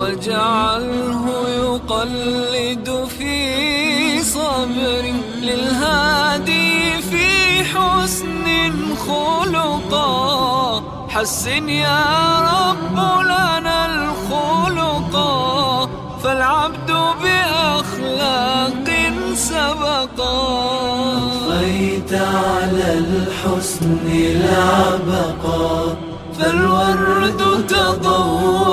واجعله يقلد في صبر للهادي في حسن خلقا حسن يا رب لنا الخلقا فالعبد بأخلاق سبقا أطفيت على الحسن العبقا فالورد تضوى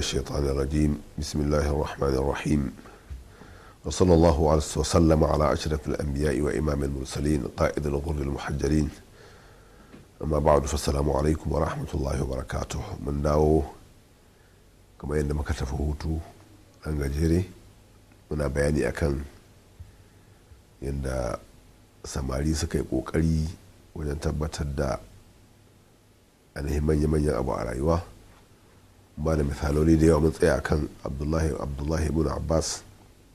الشيطان الرجيم بسم الله الرحمن الرحيم وصلى الله عليه وسلم على أشرف الأنبياء وإمام المرسلين قائد الغر المحجرين أما بعد فالسلام عليكم ورحمة الله وبركاته من داو كما يندم كتفه تو أنجيري من bayani أكن yadda samari suka yi kokari wajen أنه من يمن يأبو على abu ba da misaloli da yawa mun tsaya kan abdullahi abdullahi ibn abbas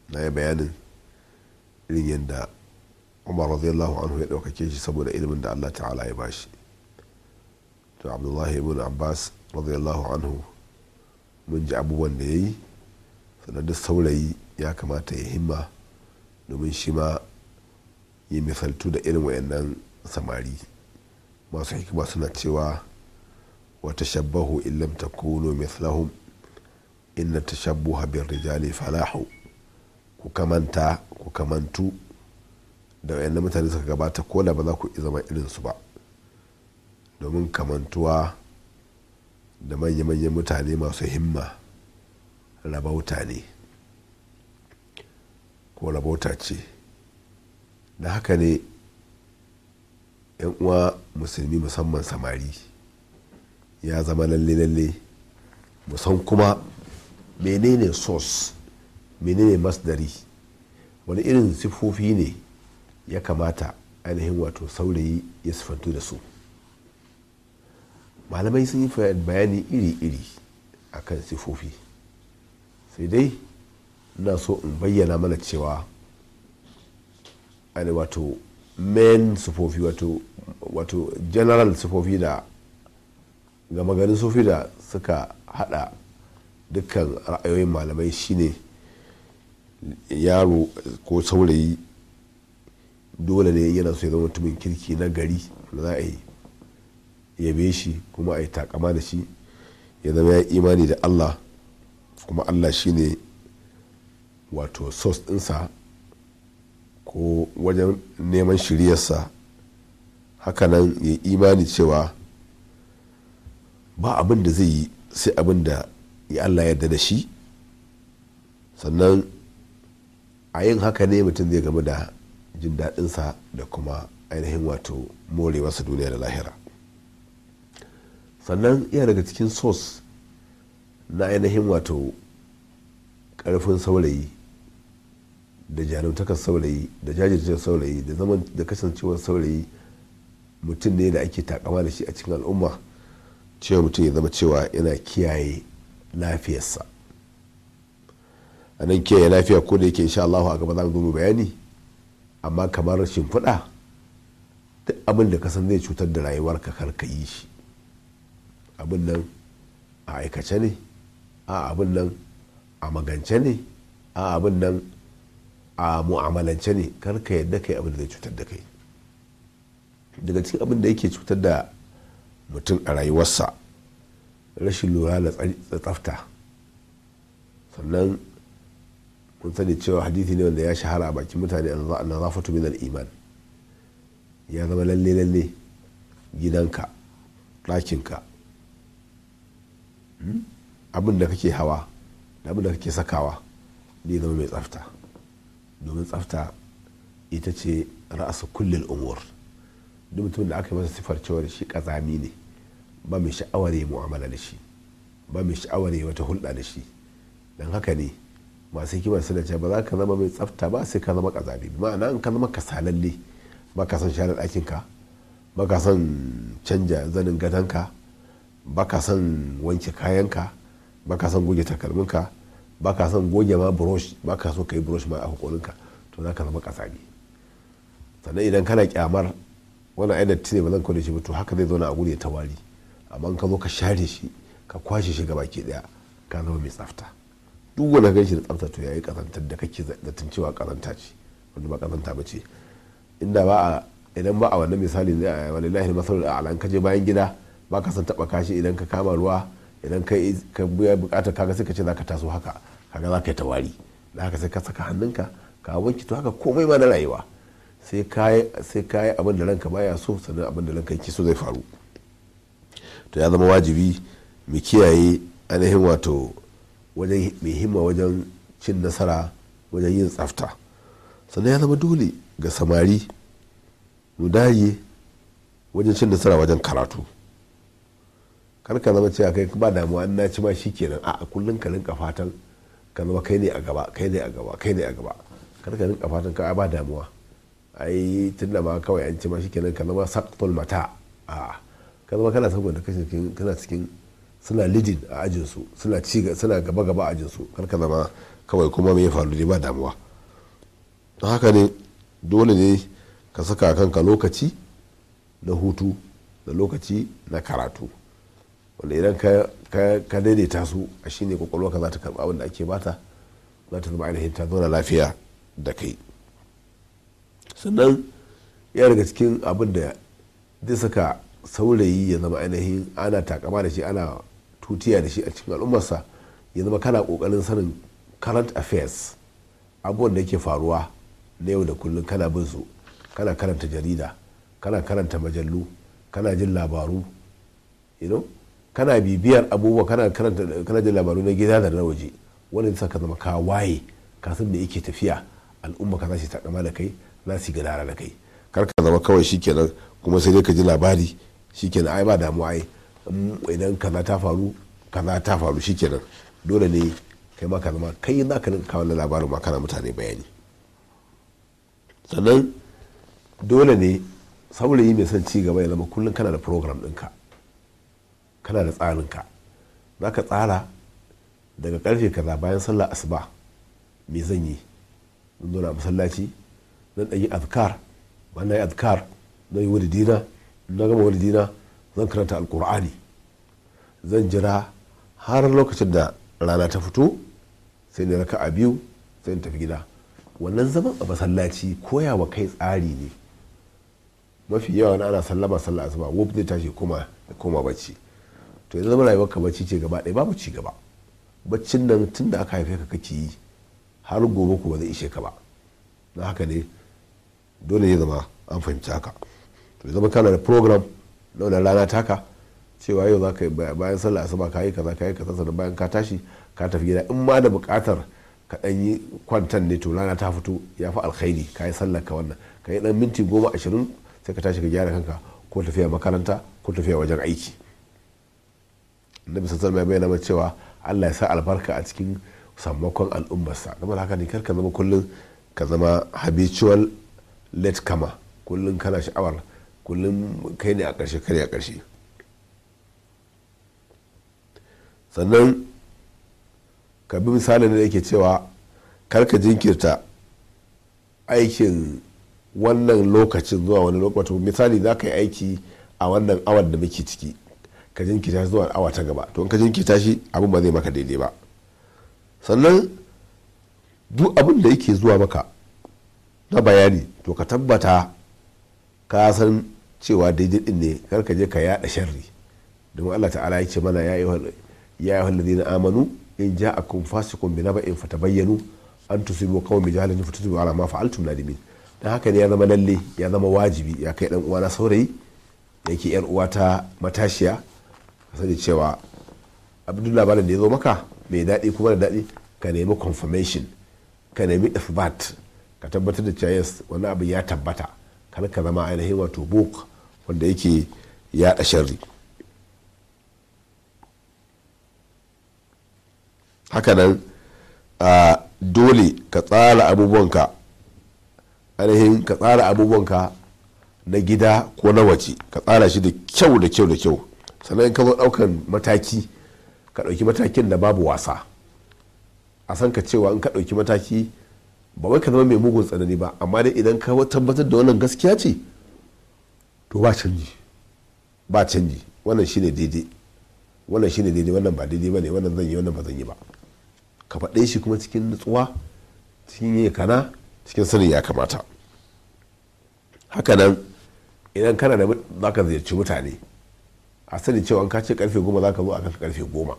na ya bayanin irin yadda umar radiyallahu anhu ya ɗaukake shi saboda ilimin da allah ta'ala ya ba shi to abdullahi ibn abbas radiyallahu anhu mun ji abubuwan da ya yi sannan duk saurayi ya kamata ya himma domin shi ma ya misaltu da irin wayannan samari masu hikima suna cewa wa tashabbahu in lam takunu mithlahum inna tashabbuha bir rijali falahu ku kamanta ku kamantu da wayannan mutane suka gabata ko da ba za ku zama irin su ba domin kamantuwa da manya-manyan mutane masu himma rabauta ne ko rabauta ce da haka ne 'yan uwa musulmi musamman samari ya zama lalle-lalle mu san kuma menene source menene masdari wani irin siffofi ne ya kamata ainihin wato saurayi ya sifantu da su malamai sun yi bayani iri-iri a kan siffofi sai dai ina so in bayyana mana cewa wato main siffofi wato general siffofi da gama garin sufi da suka hada dukkan ra'ayoyin malamai shine yaro ko saurayi dole ne yana so ya zama mutumin kirki na gari da za a yi yabe shi kuma a yi takama da shi ya zama ya imani da allah kuma allah shine wato sos dinsa ko wajen neman shiryarsa hakanan ya imani cewa ba abin da zai yi sai abin da ya Allah yarda da shi sannan a yin haka ne mutum zai gamu da jin daɗinsa da kuma ainihin wato morewarsa duniya da lahira sannan iya daga cikin sos na ainihin wato ƙarfin saurayi da jarumtakar saurayi da jajircewar saurayi da zaman kasancewar saurayi mutum ne da ake takama da shi a cikin al'umma cewa mutum ya zama cewa yana kiyaye lafiyarsa a nan kiyaye lafiya ko da yake insha Allah a gaba za mu bayani amma kamar rashin fuda duk abin da kasan zai cutar da rayuwarka kar ka yi shi abin nan a aikace ne a abin nan a magance ne a abin nan a mu'amalance ne kar ka yadda kai abin da zai cutar da kai daga cikin abin da yake cutar da mutum a rayuwarsa rashin lura da tsafta sannan kun sani cewa hadithi ne wanda ya shahara a bakin mutane na zafatu min iman ya zama lalle lalle gidanka ɗakinka hmm, abin da kake hawa da abin da kake sakawa ne zama mai tsafta domin tsafta ita ce ra'asa kullum umur duk mutum da aka yi masa sifar cewar shi kazami ne ba mai sha'awar yi mu'amala da shi ba mai sha'awar yi wata hulɗa da shi don haka ne masu hikimar suna cewa ba za ka zama mai tsafta ba sai ka zama kazami ma'ana in ka zama kasalalle ba ka son share ka ba ka son canja zanin gadonka ba ka son wanke kayanka ba ka son goge takalmin ka ba ka son goge ma brush ba ka so ka yi brush ma a ka to za ka zama kazami sannan idan kana kyamar wannan ayi datti ne ba zan kawo shi ba to haka zai zauna a guri ya tawari amma ka zo ka share shi ka kwashe shi gaba ke daya ka zama mai tsafta duk wani ganshi da tsafta to yayi kazantar da kake zaton cewa kazanta ce wanda ba kazanta ba ce inda ba a idan ba a wannan misali eh, walillahi masalul a'la ka je bayan gida ba ka san taba kashi idan ka kama ruwa idan ka ka bukata kaga sai ka ce zaka taso haka kaga zaka yi tawari da haka sai ka saka hannunka ka wanki to haka komai ma na rayuwa sai ka yi abin da ranka baya so sannan abin da ranka yake so zai faru to ya zama wajibi mu kiyaye ainihin wato wajen mai himma wajen cin nasara wajen yin tsafta sannan ya zama dole ga samari mu daye wajen cin nasara wajen karatu karka ka zama cewa kai ba damuwa an naci ma shi kenan a kullum ka rinka fatan ka zama kai ne a gaba kai ne a gaba kai ne a gaba kar rinka fatan ka ba damuwa ai tun da ma kawai an ce ma kenan ka zama sakful mata a ka zama kana saboda kana cikin suna lidin a ajinsu suna ci suna gaba gaba a ajinsu kar ka zama kawai kuma me ya faru ne ba damuwa don haka ne dole ne ka saka kanka lokaci na hutu da lokaci na karatu wanda idan ka daidaita su a shine kwakwalwa ka za ta karba abin da ake bata za ta zama ainihin ta zauna lafiya da kai sannan ya daga cikin abin da zai saka saurayi ya zama ainihin ana takama da shi ana tutiya da shi a cikin al'ummarsa ya zama kana kokarin sanin current affairs abubuwan da yake faruwa na yau da kullum kana bin su kana karanta jarida kana karanta majallu kana jin labaru you kana bibiyar abubuwa kana karanta kana jin labaru na gida da na waje wanda zai saka zama ka waye ka san da yake tafiya al'umma ka za ta takama da kai za su yi gadara da kai kar ka zama kawai shi kenan kuma sai dai ka ji labari shi kenan ai ba damuwa ai idan kaza ta faru kaza ta faru shi shikenan dole ne kai ma ka zama kai za ka rinka kawo labarin ma kana mutane bayani sannan dole ne saurayi mai son ci gaba ya zama kullum kana da program ɗinka kana da tsarinka za ka tsara daga karfe kaza bayan sallah asuba me zan yi zan zo na masallaci zan yi azkar bana na yi azkar na yi dina na gama walidina zan karanta alkur'ani zan jira har lokacin da rana ta fito sai na raka a biyu sai tafi gida wannan zaman a masallaci koya wa kai tsari ne mafi yawa na ana sallama sallah asuba wuf zai tashi kuma koma bacci to yanzu zama rayuwar ka bacci ce gaba ɗaya babu ci gaba baccin nan tun da aka haife ka kake yi har gobe ku ba zai ishe ka ba na haka ne dole ne zama an fahimci haka to zama kana da program na rana taka cewa yau za ka yi bayan sallah asuba ka yi kaza ka yi kaza sannan bayan ka tashi ka tafi gida in ma da bukatar ka ɗan yi kwantan ne to rana ta fito ya fi alkhairi ka yi sallar ka wannan ka yi ɗan minti goma ashirin sai ka tashi ka gyara kanka ko tafiya makaranta ko tafiya wajen aiki annabi sassan mai bayyana cewa allah ya sa albarka a cikin sammakon al'ummarsa kamar haka ne kar ka zama kullum ka zama habitual late kama kullum kana sha'awar kullum kai ne a ƙarshe kai ne a ƙarshe sannan ka bi misalin da yake cewa karka jinkirta aikin wannan lokacin zuwa wani lokacin misali za ka yi aiki a wannan awar da muke ciki ka jinkirta zuwa awa ta gaba to in ka jinkirta shi abin ba zai maka daidai ba sannan duk abin da yake zuwa maka na bayani to ka tabbata ka san cewa daidai din ne kar ka je ka yada sharri domin Allah ta'ala ya ce mana ya yi na amanu in ja'akum fasiqun bi naba'in fatabayyanu an tusibu qaumin jahalin fatatubu ala ma fa'altum nadimin dan haka ne ya zama lalle ya zama wajibi ya kai dan uwana saurayi yake yar uwata matashiya ka sani cewa abdul labarin da ya zo maka mai daɗi kuma da daɗi ka nemi confirmation ka nemi ifbat ka tabbatar da cewa yes wani abu ya tabbata kar ka zama ainihin wato buk wanda yake yaɗa sharri hakanan a dole ka tsara abubuwanka ainihin ka tsara abubuwanka na gida ko na waje ka tsara shi da kyau da kyau da kyau sannan ka zo ɗaukan mataki ka ɗauki matakin da babu wasa a san ka cewa in ka ɗauki mataki ba wai ka zama mai mugun tsanani ba amma dai idan ka tabbatar da wannan gaskiya ce to ba canji ba canji wannan shine daidai wannan shine daidai wannan ba daidai bane wannan zan yi wannan ba zan yi ba ka faɗe shi kuma cikin nutsuwa cikin yi kana cikin sanin ya kamata hakanan idan kana da za ka ziyarci mutane a sani cewa an ka ce karfe goma za ka zo a kan karfe goma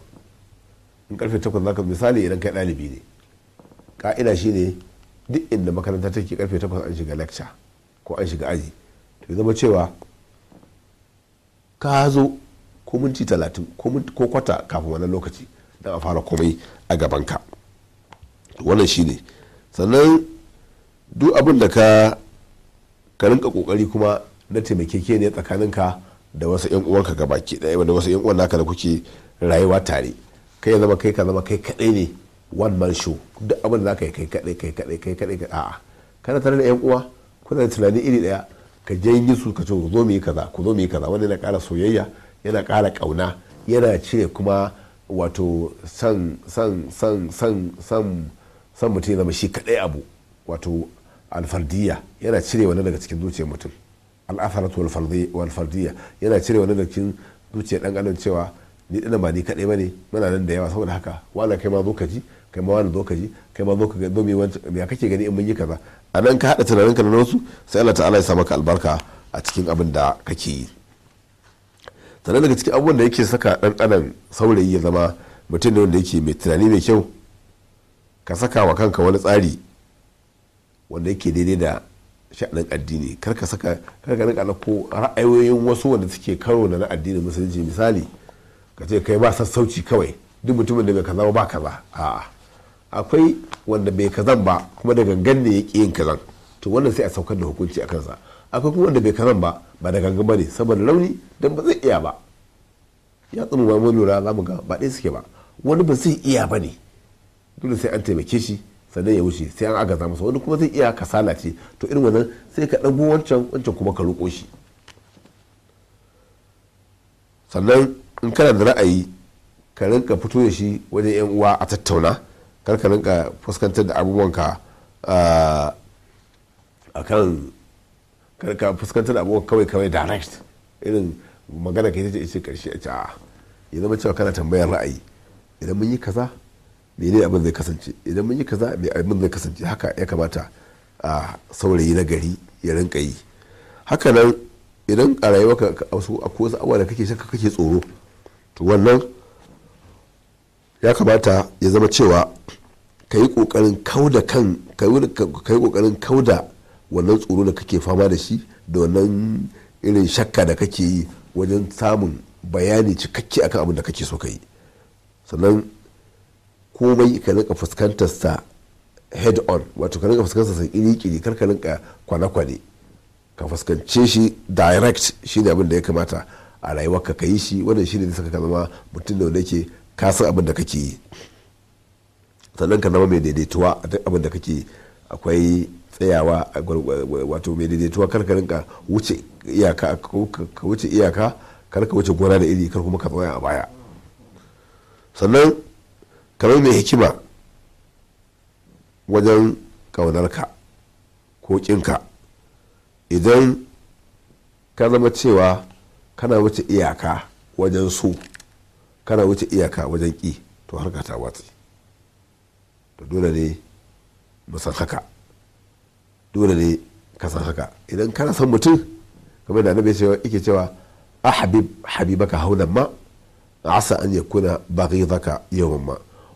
in karfe takwas za ka misali idan kai ɗalibi ne ka'ida shi ne duk inda makaranta take karfe 8 an shiga lecture ko an shiga aji to zama cewa ka zo ko minti 30 ko kwata kafin wannan lokaci don a fara komai a gabanka wannan shine sannan duk abin da ka ka rinka kokari kuma na taimakeke ne tsakaninka da wasu yan uwanka gabaki daya da wasu yan uwan naka da kuke rayuwa tare kai zama kai ka zama kai kadai ne one man show duk abin da kai yi kai kaɗai kai kaɗai kai kaɗai ka a'a kana tare da yan uwa kuna da tunani iri daya ka janyi su ka ce ku zo mu yi kaza ku zo mu yi kaza wanda yana ƙara soyayya yana ƙara ƙauna yana cire kuma wato san san san san san san mutum ya zama shi kadai abu wato alfardiya yana cire wani daga cikin zuciyar mutum al'afaratu walfardiya yana cire wani daga cikin zuciyar dan adam cewa ni dana ba ni kadai bane muna nan da yawa saboda haka wala kai ma zo ka ji kai ma wani zo ka ji kai ma zo ka ga me ya kake gani in mun yi kaza a nan ka haɗa tunaninka na wasu sai Allah ta'ala ya sa maka albarka a cikin abin da kake yi sannan daga cikin abubuwan da yake saka ɗan adam saurayi ya zama mutum ne wanda yake mai tunani mai kyau ka saka wa kanka wani tsari wanda yake daidai da sha'anin addini kar ka saka kar ka rika ko ra'ayoyin wasu wanda suke karo da na addinin musulunci misali ka ce kai ba sassauci kawai duk mutumin daga kaza ba kaza a'a akwai wanda bai kazan ba kuma da gangan ne ya ƙi yin kazan to wannan sai a saukar da hukunci a kansa akwai kuma wanda bai kazan ba ba da gangan ba ne saboda launi don ba zai iya ba ya tsamu ba mun lura za mu ga ba ɗaya suke ba wani ba zai iya ba ne dole sai an taimake shi sannan ya wuce sai an agaza masa wani kuma zai iya kasala ce to irin wannan sai ka ɗago wancan wancan kuma ka roƙo shi sannan in kana da ra'ayi ka rinka fito da shi wajen yan uwa a tattauna karka rinka fuskantar da abubuwanka a ah, kan karka fuskantar da abubuwan kawai kawai direct irin magana ka ita ce karshe a ca'a ah, ya zama cewa kana tambayar ra'ayi idan mun yi kaza mene abin zai kasance idan mun yi kaza me abin zai kasance haka ya kamata a saurayi na gari ya rinka yi haka nan idan a rayuwarka wasu akwai wasu abubuwa da kake shakka kake tsoro to wannan ya kamata ya zama cewa ka yi kokarin kauda kan ka yi kokarin kauda wannan tsoro da kake fama da shi da wannan irin shakka da kake yi wajen samun bayani cikakke akan abin da kake so ka yi sannan komai ka rinka fuskantar sa head on wato ka rinka fuskantar sa kiri-kiri kar ka rinka kwane-kwane ka fuskance shi direct shi ne abin da ya kamata a rayuwarka ka yi shi wannan shi ne da suka zama mutum da wanda ke kasan abin da kake yi sannan ka zama mai daidaituwa a duk abin da kake akwai tsayawa wato mai daidaituwa kar ka rinka wuce iyaka ka wuce iyaka kar wuce gona da iri kar kuma ka tsaya a baya sannan kamar mai hikima wajen ƙaunarka ko ƙinka idan ka zama cewa kana wuce iyaka wajen so kana wuce iyaka wajen ƙi to harka ta watsi to dole ne san haka dole ne ka san haka idan kana san mutum kamar da annabi yake cewa a habib habibaka haunan ma a asa an kuna yakuna baghidaka yawman ma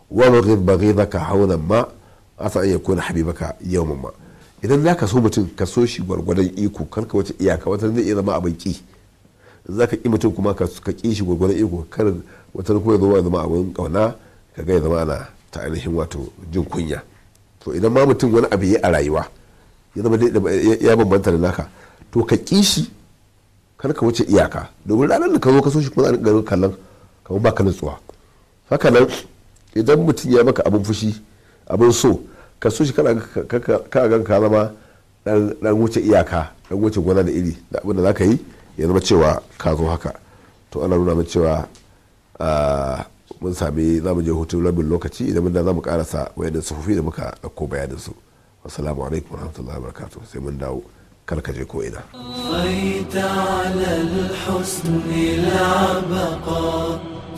wa baghid hau haunan ma a asa an kuna habibaka yawman ma idan za ka so mutum ka so shi gwargwadon iko karka ka wata iyaka wata zai iya zama abin ki za ka ƙi mutum kuma ka ƙi shi gwargwadon iko kar wata kuma ya zama abin ƙauna ka ga zama ana ta ainihin wato jin kunya to idan ma mutum wani abu ya a rayuwa ya zama ya bambanta da naka to ka ƙi shi kar ka wuce iyaka domin ranar da ka zo ka so shi kuma ga kallon kallon ba ka nutsuwa haka nan idan mutum ya maka abin fushi abin so ka so shi kana ga ka zama dan wuce iyaka dan wuce gona da iri da abin da za ka yi ya zama cewa ka zo haka to ana nuna min cewa ah, mun sami za mu je hutun rabin lokaci idan mun da za mu karasa wayannan sufufi da muka ɗauko bayanin su assalamu alaikum warahmatullahi wabarakatuh sai mun dawo kar ka je ko ina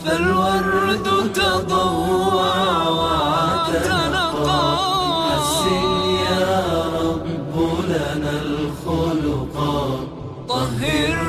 فالورد تضوى وتنقى حسن يا رب لنا الخلق طهر